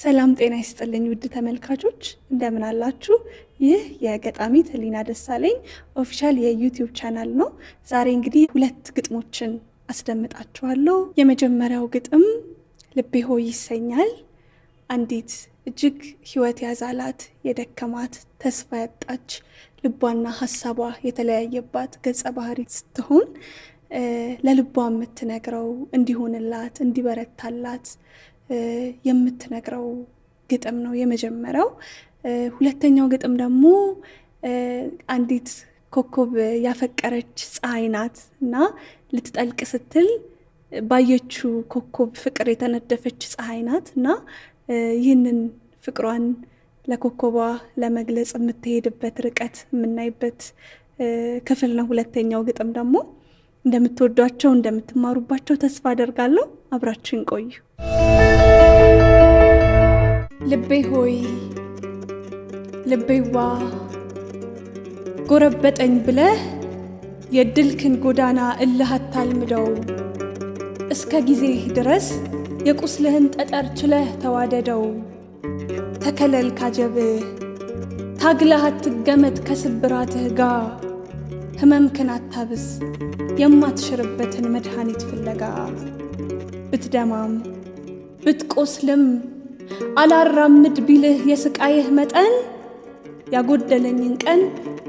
ሰላም ጤና ይስጥልኝ ውድ ተመልካቾች እንደምን አላችሁ? ይህ የገጣሚ ህሊና ደሳለኝ ኦፊሻል የዩቲዩብ ቻናል ነው። ዛሬ እንግዲህ ሁለት ግጥሞችን አስደምጣችኋለሁ። የመጀመሪያው ግጥም ልቤ ሆይ ይሰኛል። አንዲት እጅግ ህይወት ያዛላት የደከማት ተስፋ ያጣች ልቧና ሀሳቧ የተለያየባት ገጸ ባህሪ ስትሆን ለልቧ የምትነግረው እንዲሆንላት እንዲበረታላት የምትነግረው ግጥም ነው የመጀመሪያው። ሁለተኛው ግጥም ደግሞ አንዲት ኮከብ ያፈቀረች ፀሐይ ናት እና ልትጠልቅ ስትል ባየችው ኮከብ ፍቅር የተነደፈች ፀሐይ ናት እና ይህንን ፍቅሯን ለኮከቧ ለመግለጽ የምትሄድበት ርቀት የምናይበት ክፍል ነው። ሁለተኛው ግጥም ደግሞ እንደምትወዷቸው እንደምትማሩባቸው ተስፋ አደርጋለሁ። አብራችን ቆዩ። ልቤ ሆይ ልቤዋ ጎረበጠኝ ብለህ የድልክን ጎዳና እልህ አታልምደው። እስከ ጊዜህ ድረስ የቁስልህን ጠጠር ችለህ ተዋደደው። ተከለል ካጀብህ ታግለህ አትገመድ ከስብራትህ ጋር ህመምክን አታብዝ የማትሽርበትን መድኃኒት ፍለጋ ብትደማም ብትቆስልም አላራምድ ቢልህ የስቃይህ መጠን ያጎደለኝን ቀን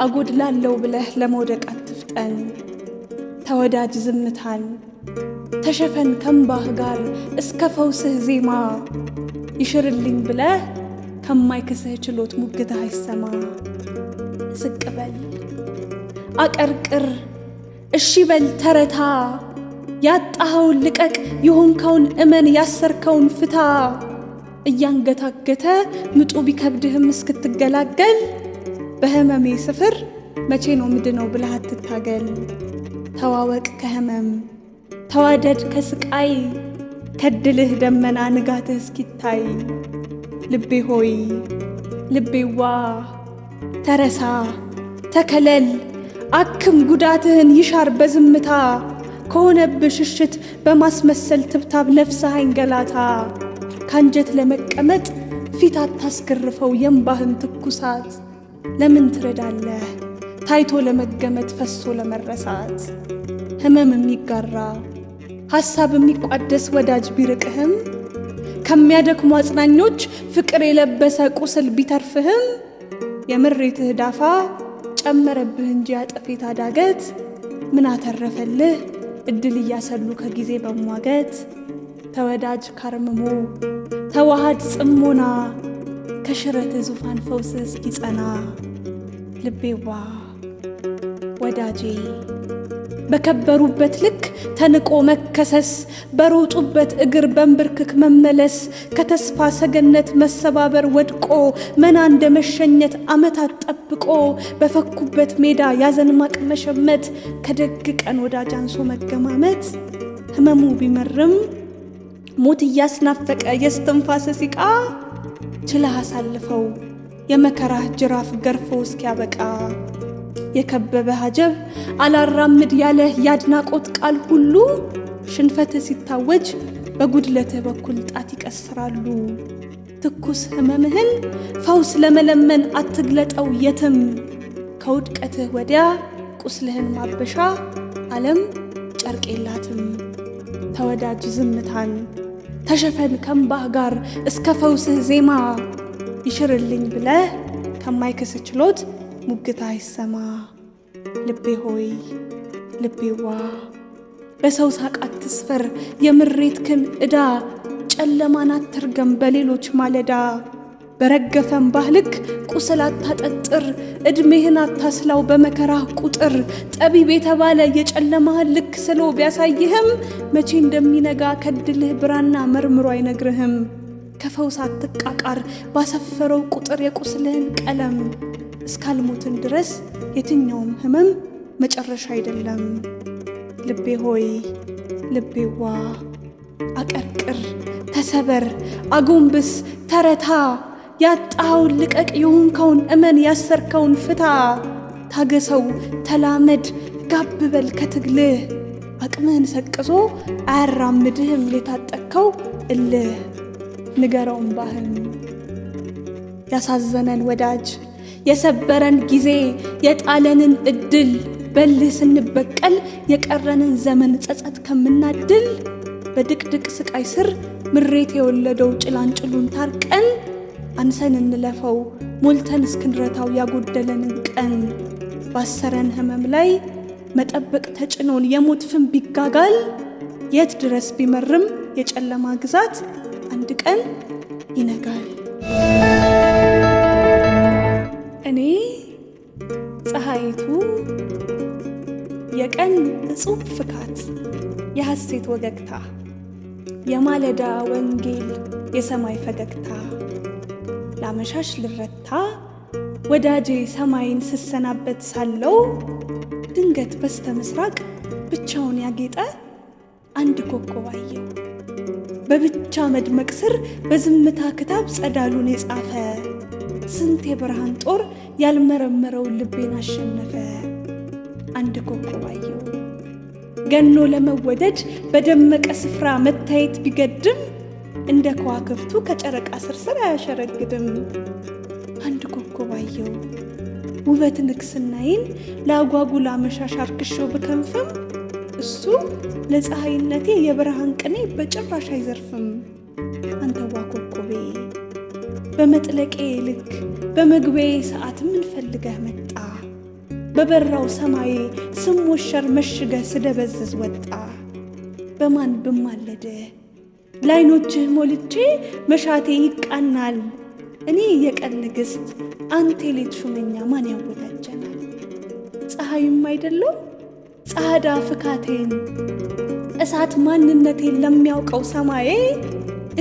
አጎድላለው ብለህ ለመውደቅ አትፍጠን። ተወዳጅ ዝምታን ተሸፈን ከምባህ ጋር እስከ ፈውስህ ዜማ ይሽርልኝ ብለህ ከማይክስህ ችሎት ሙግታ አይሰማ ስቅበል አቀርቅር እሺ በል ተረታ ያጣኸውን ልቀቅ የሆንከውን እመን ያሰርከውን ፍታ እያንገታገተ ምጡ ቢከብድህም እስክትገላገል በህመሜ ስፍር መቼ ነው ምድነው ብለህ አትታገል ተዋወቅ ከህመም ተዋደድ ከስቃይ ከድልህ ደመና ንጋትህ እስኪታይ ልቤ ሆይ ልቤዋ ተረሳ ተከለል አክም ጉዳትህን ይሻር በዝምታ ከሆነብ ሽሽት በማስመሰል ትብታብ ነፍስህን ገላታ ካንጀት ለመቀመጥ ፊት አታስገርፈው የእምባህን ትኩሳት ለምን ትረዳለህ ታይቶ ለመገመት ፈሶ ለመረሳት ህመም የሚጋራ ሐሳብ የሚቋደስ ወዳጅ ቢርቅህም ከሚያደክሙ አጽናኞች ፍቅር የለበሰ ቁስል ቢተርፍህም የምሬትህ ዳፋ ጨመረብህ እንጂ አጠፌታ ዳገት ምን አተረፈልህ እድል እያሰሉ ከጊዜ በሟገት ተወዳጅ ካርምሞ ተዋሃድ ጽሞና ከሽረት ዙፋን ፈውስ እስኪጸና ልቤዋ ወዳጄ በከበሩበት ልክ ተንቆ መከሰስ፣ በሮጡበት እግር በንብርክክ መመለስ፣ ከተስፋ ሰገነት መሰባበር ወድቆ መና እንደ መሸኘት ዓመታት ጠብቆ በፈኩበት ሜዳ ያዘን ማቅ መሸመት፣ ከደግ ቀን ወዳጅ አንሶ መገማመት፣ ህመሙ ቢመርም ሞት እያስናፈቀ የስትንፋስ ሲቃ ችለህ አሳልፈው የመከራህ ጅራፍ ገርፎ እስኪያበቃ የከበበ ሀጀብ አላራምድ ያለ የአድናቆት ቃል ሁሉ ሽንፈትህ ሲታወጅ በጉድለትህ በኩል ጣት ይቀስራሉ። ትኩስ ህመምህን ፈውስ ለመለመን አትግለጠው የትም። ከውድቀትህ ወዲያ ቁስልህን ማበሻ ዓለም ጨርቅ የላትም። ተወዳጅ ዝምታን ተሸፈን ከምባህ ጋር እስከ ፈውስህ ዜማ ይሽርልኝ ብለህ ከማይክስ ችሎት ሙግታ አይሰማ ልቤ ሆይ ልቤዋ በሰው ሳቅ አትስፈር የምሬት ክም ዕዳ ጨለማን አትርገም በሌሎች ማለዳ በረገፈም ባህልክ ቁስል አታጠጥር ዕድሜህን አታስላው በመከራህ ቁጥር ጠቢብ የተባለ የጨለማህን ልክ ስሎ ቢያሳይህም መቼ እንደሚነጋ ከድልህ ብራና መርምሮ አይነግርህም። ከፈውስ አትቃቃር ባሰፈረው ቁጥር የቁስልህን ቀለም እስካልሞትን ድረስ የትኛውም ህመም መጨረሻ አይደለም። ልቤ ሆይ ልቤዋ አቀርቅር፣ ተሰበር፣ አጎንብስ፣ ተረታ። ያጣኸውን ልቀቅ፣ የሆንከውን እመን፣ ያሰርከውን ፍታ። ታገሰው፣ ተላመድ፣ ጋብበል ከትግልህ አቅምህን ሰቅዞ አያራምድህም የታጠቅከው እልህ ንገረውን ባህል ያሳዘነን ወዳጅ የሰበረን ጊዜ የጣለንን እድል በልህ ስንበቀል የቀረንን ዘመን ጸጸት ከምናድል በድቅድቅ ስቃይ ስር ምሬት የወለደው ጭላንጭሉን ታርቀን አንሰን እንለፈው ሞልተን እስክንረታው ያጎደለንን ቀን ባሰረን ህመም ላይ መጠበቅ ተጭኖን የሞት ፍም ቢጋጋል የት ድረስ ቢመርም የጨለማ ግዛት አንድ ቀን ይነጋል። እኔ ፀሐይቱ የቀን እጹብ ፍካት የሐሴት ወገግታ የማለዳ ወንጌል የሰማይ ፈገግታ ላመሻሽ ልረታ ወዳጄ ሰማይን ስሰናበት ሳለው ድንገት በስተ ምስራቅ ብቻውን ያጌጠ አንድ ኮከብ አየው በብቻ መድመቅ ስር በዝምታ ክታብ ጸዳሉን የጻፈ ስንት የብርሃን ጦር ያልመረመረውን ልቤን አሸነፈ። አንድ ኮከብ አየሁ ገኖ ለመወደድ በደመቀ ስፍራ መታየት ቢገድም እንደ ከዋክብቱ ከጨረቃ ስርስር አያሸረግድም። አንድ ኮከብ አየሁ ውበት ንግስናዬን ለአጓጉላ መሻሻ አርክሼው ብከንፍም እሱ ለፀሐይነቴ የብርሃን ቅኔ በጭራሽ አይዘርፍም። በመጥለቄ ልክ በመግቤ ሰዓት ምን ፈልገህ መጣ? በበራው ሰማዬ ስሞሸር መሽገህ ስደበዝዝ ወጣ። በማን ብማለደ ላይኖችህ ሞልቼ መሻቴ ይቃናል። እኔ የቀን ንግሥት አንተ ሌት ሹመኛ ማን ያወዳጀናል? ፀሐይም አይደለው ጻዳ ፍካቴን እሳት ማንነቴን ለሚያውቀው ሰማዬ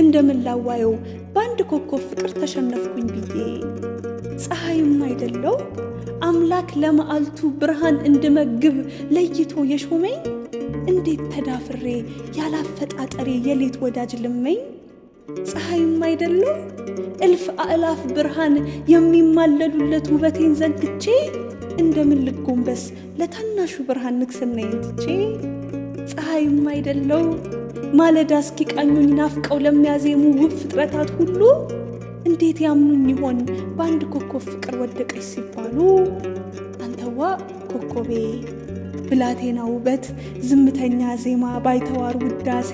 እንደምን ላዋየው በአንድ ኮከብ ፍቅር ተሸነፍኩኝ ብዬ ፀሐይም አይደለው አምላክ ለመዓልቱ ብርሃን እንድመግብ ለይቶ የሾመኝ እንዴት ተዳፍሬ ያላፈጣጠሬ የሌት ወዳጅ ልመኝ ፀሐይም አይደለው እልፍ አእላፍ ብርሃን የሚማለሉለት ውበቴን ዘንግቼ እንደምን ልጎንበስ ለታናሹ ብርሃን ንግስና ትቼ ፀሐይም አይደለው ማለዳ እስኪቃኙኝ ናፍቀው ለሚያዜሙ ውብ ፍጥረታት ሁሉ እንዴት ያምኑኝ ይሆን በአንድ ኮከብ ፍቅር ወደቀች ሲባሉ አንተዋ ኮከቤ ብላቴና ውበት ዝምተኛ ዜማ ባይተዋር ውዳሴ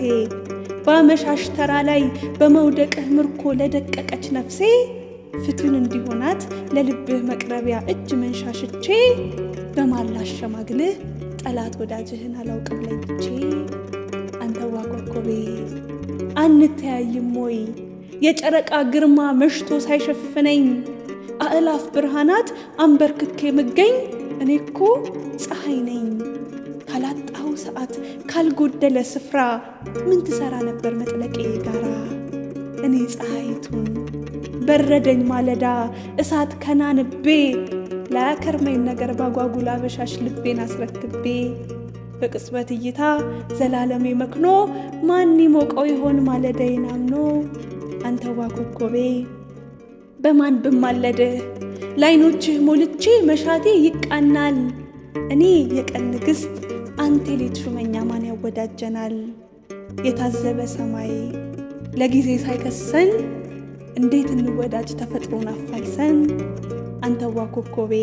በአመሻሽ ተራ ላይ በመውደቅህ ምርኮ ለደቀቀች ነፍሴ ፍቱን እንዲሆናት ለልብህ መቅረቢያ እጅ መንሻሽቼ በማላሸማግልህ ጠላት ወዳጅህን አላውቅም ለይቼ አንተዋ ቤት አንተያይም ወይ? የጨረቃ ግርማ መሽቶ ሳይሸፍነኝ አእላፍ ብርሃናት አንበርክኬ የምገኝ እኔ እኮ ፀሐይ ነኝ። ካላጣሁ ሰዓት ካልጎደለ ስፍራ ምን ትሰራ ነበር መጥለቄ ጋራ? እኔ ፀሐይቱን በረደኝ ማለዳ እሳት ከናንቤ ላያከርመኝ ነገር ባጓጉላ በሻሽ ልቤን አስረክቤ በቅጽበት እይታ ዘላለሜ መክኖ ማን ይሞቀው ይሆን ማለዳዬን አምኖ አንተዋ ኮከቤ በማን ብማለድህ ላይኖችህ ሞልቼ መሻቴ ይቃናል እኔ የቀን ንግሥት አንተ ሌት ሹመኛ ማን ያወዳጀናል የታዘበ ሰማይ ለጊዜ ሳይከሰን እንዴት እንወዳጅ ተፈጥሮን አፋልሰን አንተዋ ኮከቤ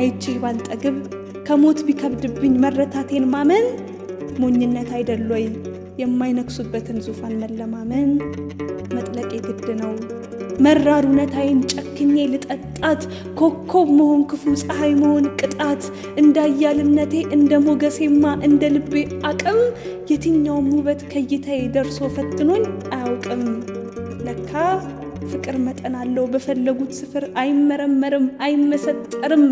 አይቺ ባልጠግብ ከሞት ቢከብድብኝ መረታቴን ማመን ሞኝነት አይደሎይ የማይነክሱበትን የማይነግሱበትን ዙፋን መለማመን መጥለቅ የግድ ነው። መራር እውነታዬን ጨክኜ ልጠጣት ኮከብ መሆን ክፉ ፀሐይ መሆን ቅጣት። እንዳያልነቴ እንደ ሞገሴማ እንደ ልቤ አቅም የትኛውም ውበት ከይታዬ ደርሶ ፈትኖኝ አያውቅም። ለካ ፍቅር መጠን አለው በፈለጉት ስፍር አይመረመርም አይመሰጠርም።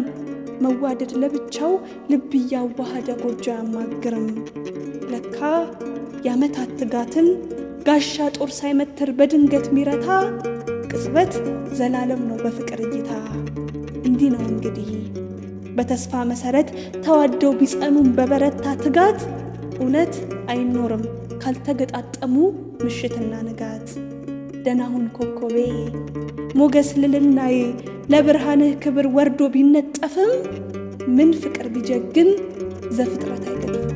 መዋደድ ለብቻው ልብ እያዋሃደ ጎጆ አያማግርም። ለካ የዓመታት ትጋትን ጋሻ ጦር ሳይመትር በድንገት ሚረታ ቅጽበት ዘላለም ነው በፍቅር እይታ። እንዲህ ነው እንግዲህ በተስፋ መሰረት ተዋደው ቢጸኑም በበረታ ትጋት እውነት አይኖርም ካልተገጣጠሙ ምሽትና ንጋት። ደናሁን ኮከቤ ሞገስ ልልናዬ ለብርሃንህ ክብር ወርዶ ቢነጠፍም ምን ፍቅር ቢጀግን ዘፍጥረት አይገድም